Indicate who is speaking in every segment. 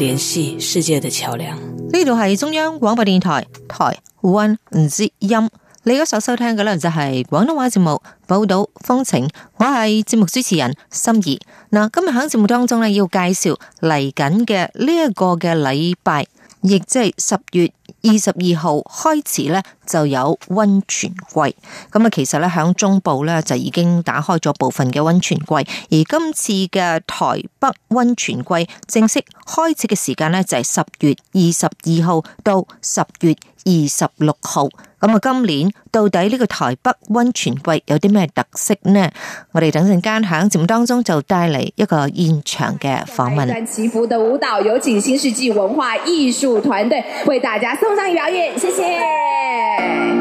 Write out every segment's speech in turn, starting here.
Speaker 1: 聯繫世界的橋樑。
Speaker 2: 呢度係中央廣播電台臺灣之音。你而家所收聽嘅咧就係廣東話節目《寶島風情》，我係節目主持人心儀。嗱，今日喺節目當中咧要介紹嚟緊嘅呢一個嘅禮拜。亦即係十月二十二號開始咧，就有温泉季。咁啊，其實咧響中部咧就已經打開咗部分嘅温泉季，而今次嘅台北温泉季正式開始嘅時間咧就係十月二十二號到十月。二十六號，那麼今年到底呢個台北溫泉季有啲咩特色呢？我哋等陣間喺節目當中就帶嚟一個現場嘅訪問。
Speaker 1: 祈福的舞蹈，有請新世紀文化藝術團隊為大家送上表演，謝謝。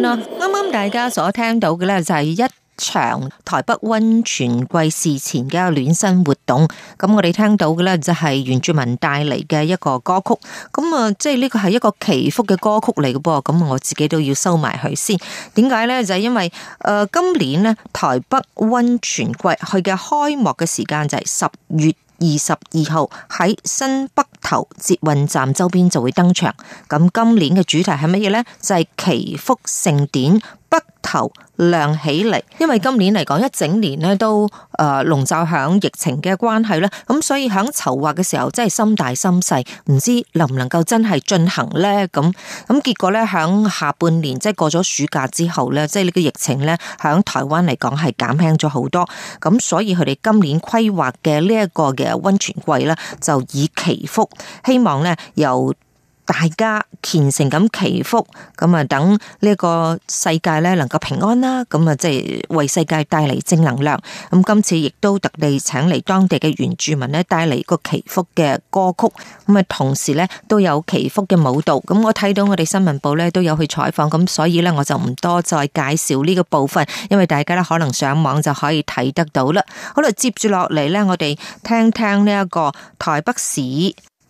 Speaker 2: 啱啱大家所聽到嘅咧就係一場台北溫泉季事前嘅暖身活動，咁我哋聽到嘅咧就係原住民帶嚟嘅一個歌曲，咁啊，即係呢個係一個祈福嘅歌曲嚟嘅噃，咁我自己都要收埋佢先。點解咧？就係因為誒，今年咧台北溫泉季佢嘅開幕嘅時間就係十月。二十二號喺新北投捷運站周邊就會登場，咁今年嘅主題係乜嘢咧？就係、是、祈福盛典。北投亮起嚟，因為今年嚟講，一整年咧都誒籠罩響疫情嘅關係啦。咁所以響籌劃嘅時候真係心大心細，唔知能唔能夠真係進行呢。咁咁結果咧響下半年即係過咗暑假之後咧，即係呢個疫情咧響台灣嚟講係減輕咗好多，咁所以佢哋今年規劃嘅呢一個嘅溫泉季咧就以祈福，希望咧由。大家虔誠咁祈福，咁啊等呢個世界咧能夠平安啦，咁啊即係為世界帶嚟正能量。咁今次亦都特地請嚟當地嘅原住民咧，帶嚟個祈福嘅歌曲，咁啊同時咧都有祈福嘅舞蹈。咁我睇到我哋新聞部咧都有去採訪，咁所以咧我就唔多再介紹呢個部分，因為大家咧可能上網就可以睇得到啦。好啦，接住落嚟咧，我哋聽聽呢一個台北市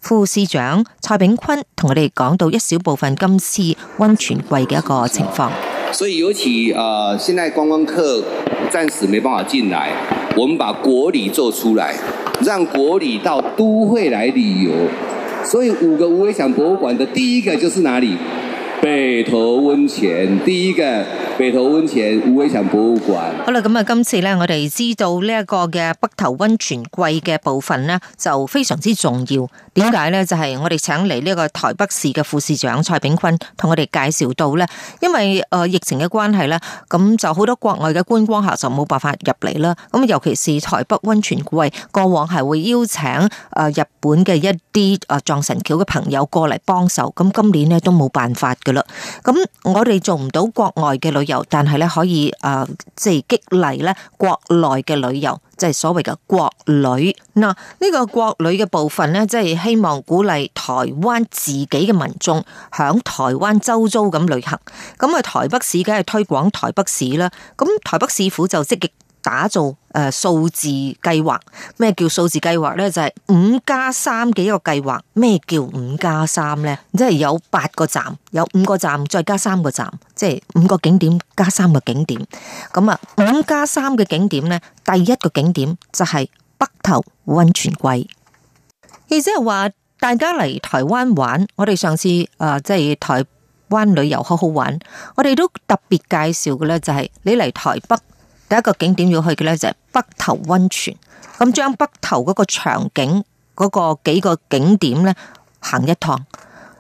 Speaker 2: 副市長蔡炳坤同我哋講到一小部分今次温泉季嘅一個情況，
Speaker 3: 所以尤其呃現在觀光客暫時沒辦法進來，我們把國禮做出來，讓國禮到都會來旅遊。所以五個無圍牆博物館的第一個就是哪裡？北投溫泉第一個北，泉，個北投溫泉烏龜場博物館。
Speaker 2: 好啦，咁啊，今次咧，我哋知道呢一個嘅北投溫泉季嘅部分咧，就非常之重要。點解咧？就係、是、我哋請嚟呢個台北市嘅副市長蔡炳坤同我哋介紹到咧，因為誒疫情嘅關係咧，咁就好多國外嘅觀光客就冇辦法入嚟啦。咁尤其是台北溫泉季，過往係會邀請誒日本嘅一啲誒撞神轎嘅朋友過嚟幫手。咁今年咧都冇辦法嘅。咁我哋做唔到國外嘅旅遊，但係咧可以誒，即係激勵咧國內嘅旅遊，即係所謂嘅國旅。嗱，呢個國旅嘅部分咧，即係希望鼓勵台灣自己嘅民眾響台灣周遭咁旅行。咁啊，台北市梗係推廣台北市啦，咁台北市府就積極。打造誒數字計劃，咩叫數字計劃呢？就係五加三嘅一個計劃。咩叫五加三呢？即係有八個站，有五個站，再加三個站，即係五個景點加三個景點。咁啊，五加三嘅景點呢，第一個景點就係北投温泉季。亦即係話大家嚟台灣玩，我哋上次誒即係台灣旅遊好好玩，我哋都特別介紹嘅呢，就係你嚟台北。第一個景點要去嘅呢，就係北投溫泉。咁將北投嗰個場景、嗰、那個幾個景點呢，行一趟。呢、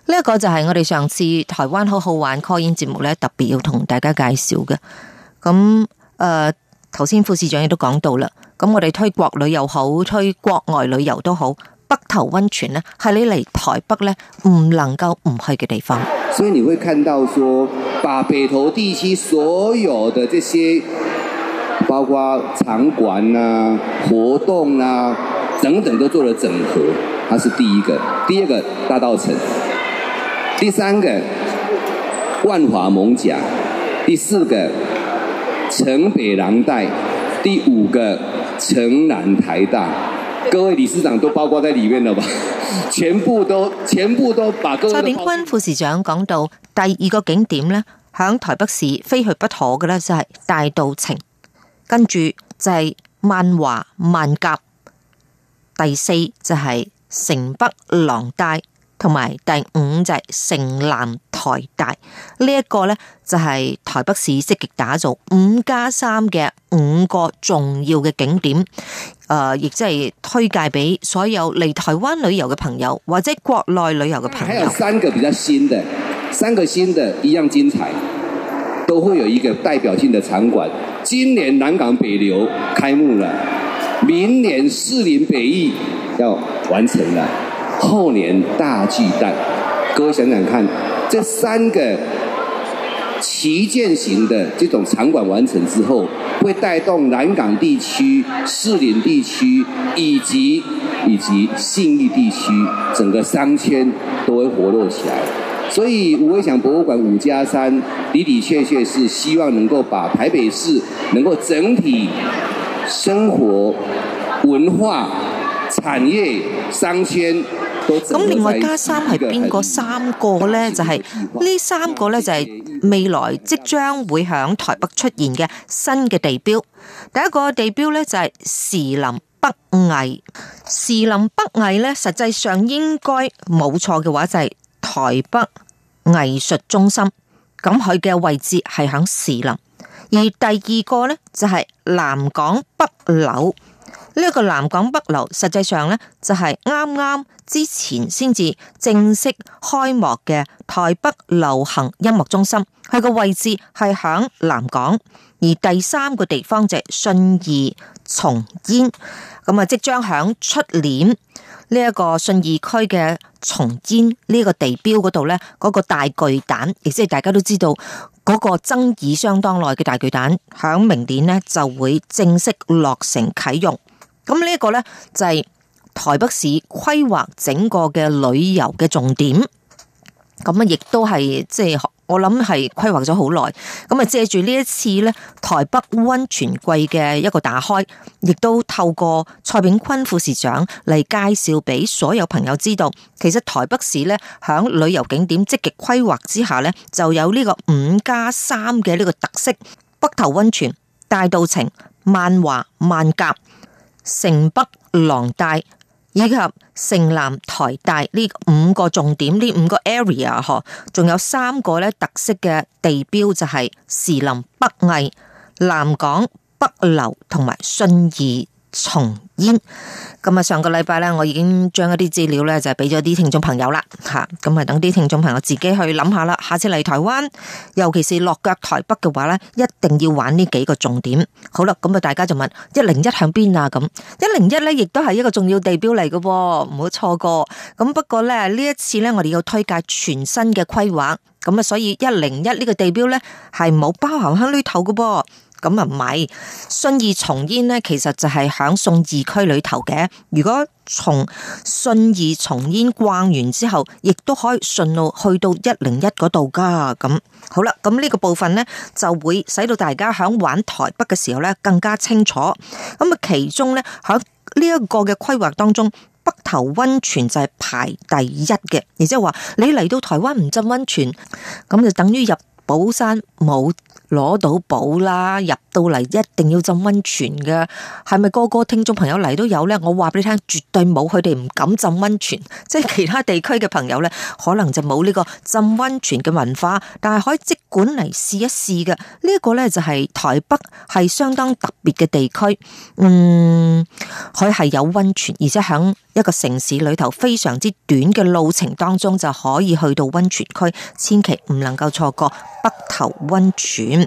Speaker 2: 這、一個就係我哋上次台灣好好玩 call in 節目呢，特別要同大家介紹嘅。咁誒，頭、呃、先副市長亦都講到啦。咁我哋推國旅又好，推國外旅遊都好，北投溫泉呢，係你嚟台北呢唔能夠唔去嘅地方。
Speaker 3: 所以你會看到說，說把北投地區所有的這些。包括場館呐、啊、活動啊等等都做了整合，它是第一個。第二個大稻埕，第三個萬華艋舺，第四個城北廊帶，第五個城南台
Speaker 2: 大。各位理事長都包括在裏面了吧？全部都、全部都把各位蔡炳坤副市長講到第二個景點咧，響台北市非去不可嘅咧，就係大稻埕。跟住就係萬華、萬甲，第四就係城北廊帶，同埋第五就係城南台大。呢、這、一個呢，就係台北市積極打造五加三嘅五個重要嘅景點，誒、呃，亦即係推介俾所有嚟台灣旅遊嘅朋友或者國內旅遊嘅朋友。還有三個比較新嘅，三個新嘅一樣精彩。都會
Speaker 3: 有一個代表性的場館。今年南港北流開幕了，明年士林北藝要完成了，後年大巨蛋。各位想想看，這三個旗艦型的這種場館完成之後，會帶動南港地區、士林地區以及以及信義地區整個商圈都會活絡起來。所以我想博物館五加三，的的確確是希望能夠把台北市能夠整體生活
Speaker 2: 文化產業商圈都整個的地方。咁另外加三係邊個三個咧？就係、是、呢三個咧就係未來即將會響台北出現嘅新嘅地標。第一個地標咧就係士林北藝。士林北藝咧實際上應該冇錯嘅話就係台北。藝術中心，咁佢嘅位置係響士林。而第二個呢，就係、是、南港北流，呢、這、一個南港北流實際上呢，就係啱啱之前先至正式開幕嘅台北流行音樂中心，佢個位置係響南港。而第三個地方就係信義松煙，咁啊即將響出年。呢一個信義區嘅松煙呢個地標嗰度呢，嗰個大巨蛋，亦即係大家都知道嗰個爭議相當耐嘅大巨蛋，響明年呢就會正式落成啟用。咁呢一個咧就係台北市規劃整個嘅旅遊嘅重點。咁啊，亦都係即係我諗係規劃咗好耐。咁啊，借住呢一次咧，台北温泉季嘅一個打開，亦都透過蔡炳坤副市長嚟介紹俾所有朋友知道，其實台北市咧響旅遊景點積極規劃之下咧，就有呢個五加三嘅呢個特色：北投溫泉、大稻埕、萬華、萬甲、城北廊帶、廊帶。以及城南台大呢五個重點，呢五個 area 仲有三個特色嘅地標就係、是、士林北藝、南港北流同埋信義松。咁啊，上個禮拜咧，我已經將一啲資料咧就俾咗啲聽眾朋友啦，吓，咁啊等啲聽眾朋友自己去諗下啦。下次嚟台灣，尤其是落腳台北嘅話咧，一定要玩呢幾個重點。好啦，咁啊大家就問一零一向邊啊？咁一零一咧，亦都係一個重要地標嚟嘅，唔好錯過。咁不過咧呢一次咧，我哋要推介全新嘅規劃，咁啊所以一零一呢個地標咧係冇包含喺裏頭嘅噃。咁啊，唔係信義重煙咧，其實就係響信義區裡頭嘅。如果從信義重煙逛完之後，亦都可以順路去到一零一嗰度噶。咁好啦，咁呢個部分咧就會使到大家響玩台北嘅時候咧更加清楚。咁啊，其中咧響呢一個嘅規劃當中，北投溫泉就係排第一嘅，亦即係話你嚟到台灣唔浸溫泉，咁就等於入寶山冇攞到寶啦！入。到嚟一定要浸溫泉嘅，係咪個個聽眾朋友嚟都有呢？我話俾你聽，絕對冇佢哋唔敢浸溫泉，即係其他地區嘅朋友呢，可能就冇呢個浸溫泉嘅文化，但係可以即管嚟試一試嘅。呢個呢，就係台北，係相當特別嘅地區，嗯，佢係有溫泉，而且喺一個城市裏頭非常之短嘅路程當中就可以去到溫泉區，千祈唔能夠錯過北投溫泉。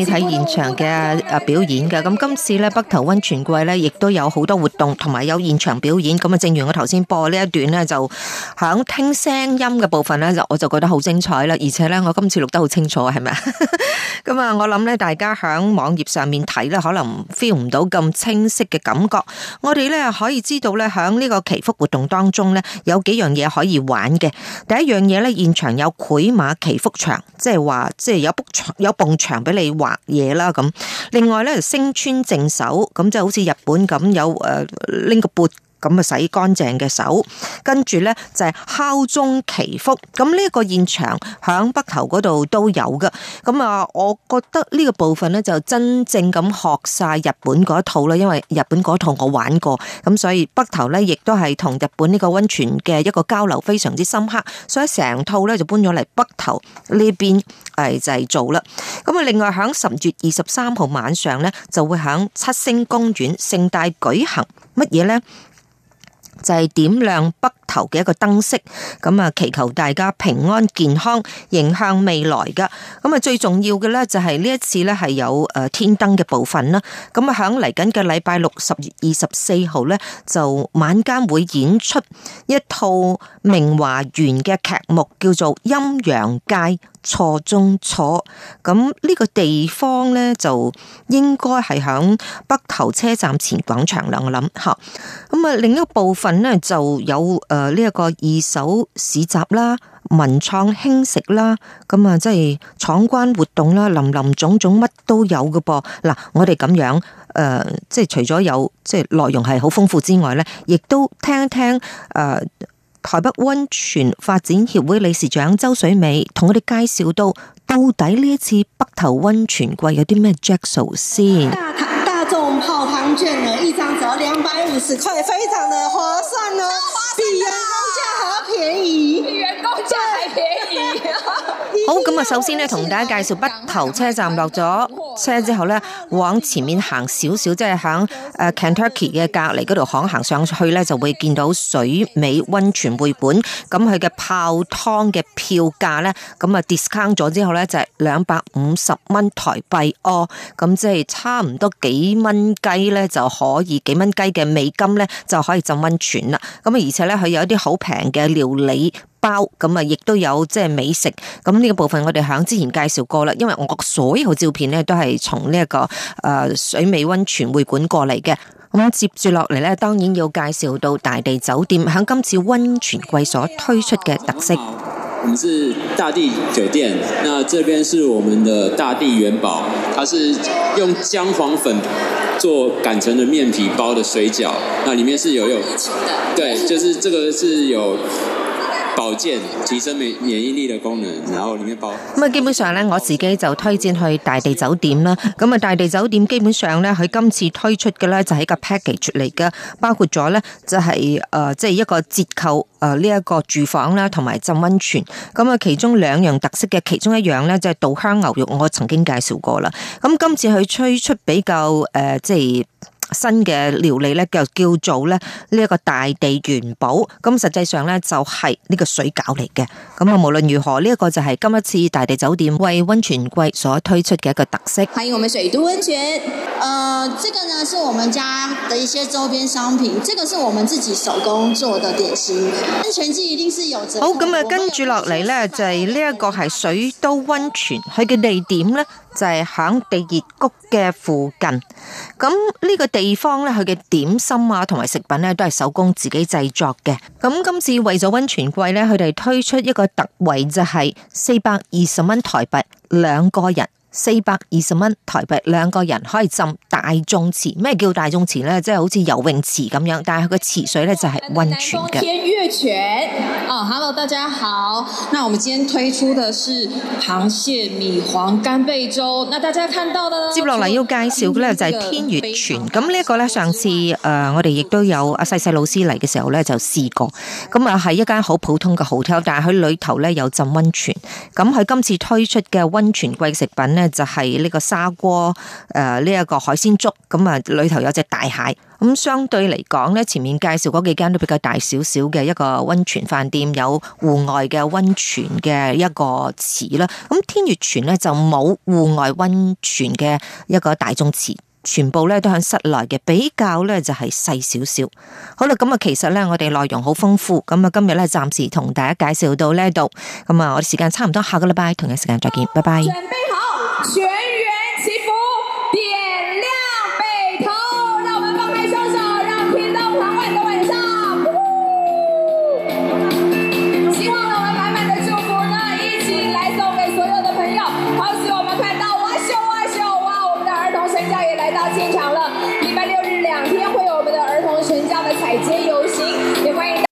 Speaker 2: 你睇現場嘅。啊！表演嘅。咁今次咧北投溫泉季咧，亦都有好多活動，同埋有現場表演。咁啊，正如我頭先播呢一段咧，就響聽聲音嘅部分咧，就我就覺得好精彩啦。而且咧，我今次錄得好清楚，係咪？咁啊，我諗咧，大家響網頁上面睇咧，可能 feel 唔到咁清晰嘅感覺。我哋咧可以知道咧，響呢個祈福活動當中咧，有幾樣嘢可以玩嘅。第一樣嘢咧，現場有繪馬祈福牆，即係話即係有幅有埲牆俾你畫嘢啦咁。另外咧，星川淨手，咁即係好似日本咁，有誒拎、呃、個缽。咁啊！洗乾淨嘅手，跟住呢就係敲鐘祈福。咁呢個現場喺北投嗰度都有㗎。咁啊，我覺得呢個部分呢，就真正咁學晒日本嗰套啦，因為日本嗰套我玩過。咁所以北投呢，亦都係同日本呢個溫泉嘅一個交流非常之深刻。所以成套呢，就搬咗嚟北投呢邊就係做啦。咁啊，另外喺十月二十三號晚上呢，就會喺七星公園盛大舉行乜嘢呢？就係點亮北。頭嘅一個燈飾，咁啊祈求大家平安健康，迎向未來噶。咁啊最重要嘅咧就係呢一次咧係有誒天燈嘅部分啦。咁啊響嚟緊嘅禮拜六十月二十四號咧，就晚間會演出一套明華園嘅劇目，叫做《陰陽界錯中錯》。咁、這、呢個地方咧就應該係響北投車站前廣場啦。我諗吓，咁啊另一部分咧就有誒。誒，呢一個二手市集啦，文創輕食啦，咁啊，即係闖關活動啦，林林種種乜都有嘅噃。嗱，我哋咁樣誒、呃，即係除咗有即係內容係好豐富之外呢，亦都聽一聽誒、呃、台北溫泉發展協會理事長周水美同我哋介紹到到底呢一次北投溫泉季有啲咩噱頭先？大大眾泡湯券呢一張只要兩百五十塊，非常的划算哦、啊！
Speaker 1: 比人工價還要便宜的。
Speaker 2: 好咁啊，首先咧，同大家介紹北投車站落咗車之後咧，往前面小小，就是、行少少，即係喺誒 Kentucky 嘅隔離嗰條巷行行上去咧，就會見到水美溫泉會館。咁佢嘅泡湯嘅票價咧，咁啊 discount 咗之後咧，就係兩百五十蚊台幣哦。咁即係差唔多幾蚊雞咧，就可以幾蚊雞嘅美金咧，就可以浸溫泉啦。咁啊，而且咧，佢有一啲好平嘅料理。包咁啊，亦都有即係美食。咁呢個部分我哋響之前介紹過啦，因為我所有照片咧都係從呢一個誒水美溫泉會館過嚟嘅。咁接住落嚟咧，當然要介紹到大地酒店響今次溫泉季所推出嘅特色。
Speaker 1: 我們是大地酒店，那這邊是我們的大地元寶，它是用薑黃粉做擀成的麵皮包的水餃，那裡面是有有對，就是這個是有。保健提升免疫力的功能，然後裏
Speaker 3: 面包
Speaker 2: 咁啊。基本上咧，我自己就推薦去大地酒店啦。咁啊，大地酒店基本上咧，佢今次推出嘅咧就係一個 package 嚟嘅，包括咗咧就係誒，即係一個折扣誒，呢一個住房啦，同埋浸溫泉。咁啊，其中兩樣特色嘅，其中一樣咧就係稻香牛肉，我曾經介紹過啦。咁今次佢推出比較誒，即、呃、係。就是新嘅料理呢，就叫做咧呢一個大地元寶，咁實際上呢，就係、是、呢個水餃嚟嘅。咁啊，無論如何呢一、這個就係今一次大地酒店為温泉季所推出嘅一個特色。歡
Speaker 1: 迎我們水都温泉，誒、呃，這個呢是我們家的一些周邊商品，這個是我們自己手工做的點心。温泉季一定是有的。好，咁啊，跟
Speaker 2: 住落嚟呢，就係呢一個係水都温泉，佢嘅地點呢。就係喺地熱谷嘅附近，咁呢個地方咧，佢嘅點心啊，同埋食品咧，都係手工自己製作嘅。咁今次為咗温泉季咧，佢哋推出一個特惠，就係四百二十蚊台幣兩個人，四百二十蚊台幣兩個人可以浸大眾池。咩叫大眾池咧？即係好似游泳池咁樣，但係佢個池水咧就係温泉嘅。
Speaker 1: 大家好，那我們今天推出的是螃蟹米黃乾貝粥。那大家看到咧，接落嚟要介紹嘅咧就係天月泉。
Speaker 2: 咁呢個咧，上次誒我哋亦都有阿細細老師嚟嘅時候咧就試過。咁啊係一間好普通嘅 hotel，但係佢裏頭咧有浸温泉。咁佢今次推出嘅温泉季食品咧就係呢個砂鍋誒呢一個海鮮粥。咁啊裏頭有隻大蟹。咁相對嚟講咧，前面介紹嗰幾間都比較大少少嘅一個溫泉飯店，有戶外嘅溫泉嘅一個池啦。咁天悅泉咧就冇戶外溫泉嘅一個大眾池，全部咧都喺室內嘅，比較咧就係細少少。好啦，咁啊，其實咧我哋內容好豐富，咁啊今日咧暫時同大家介紹到呢度。咁啊，我哋時間差唔多，下個禮拜同一時間再見，拜拜。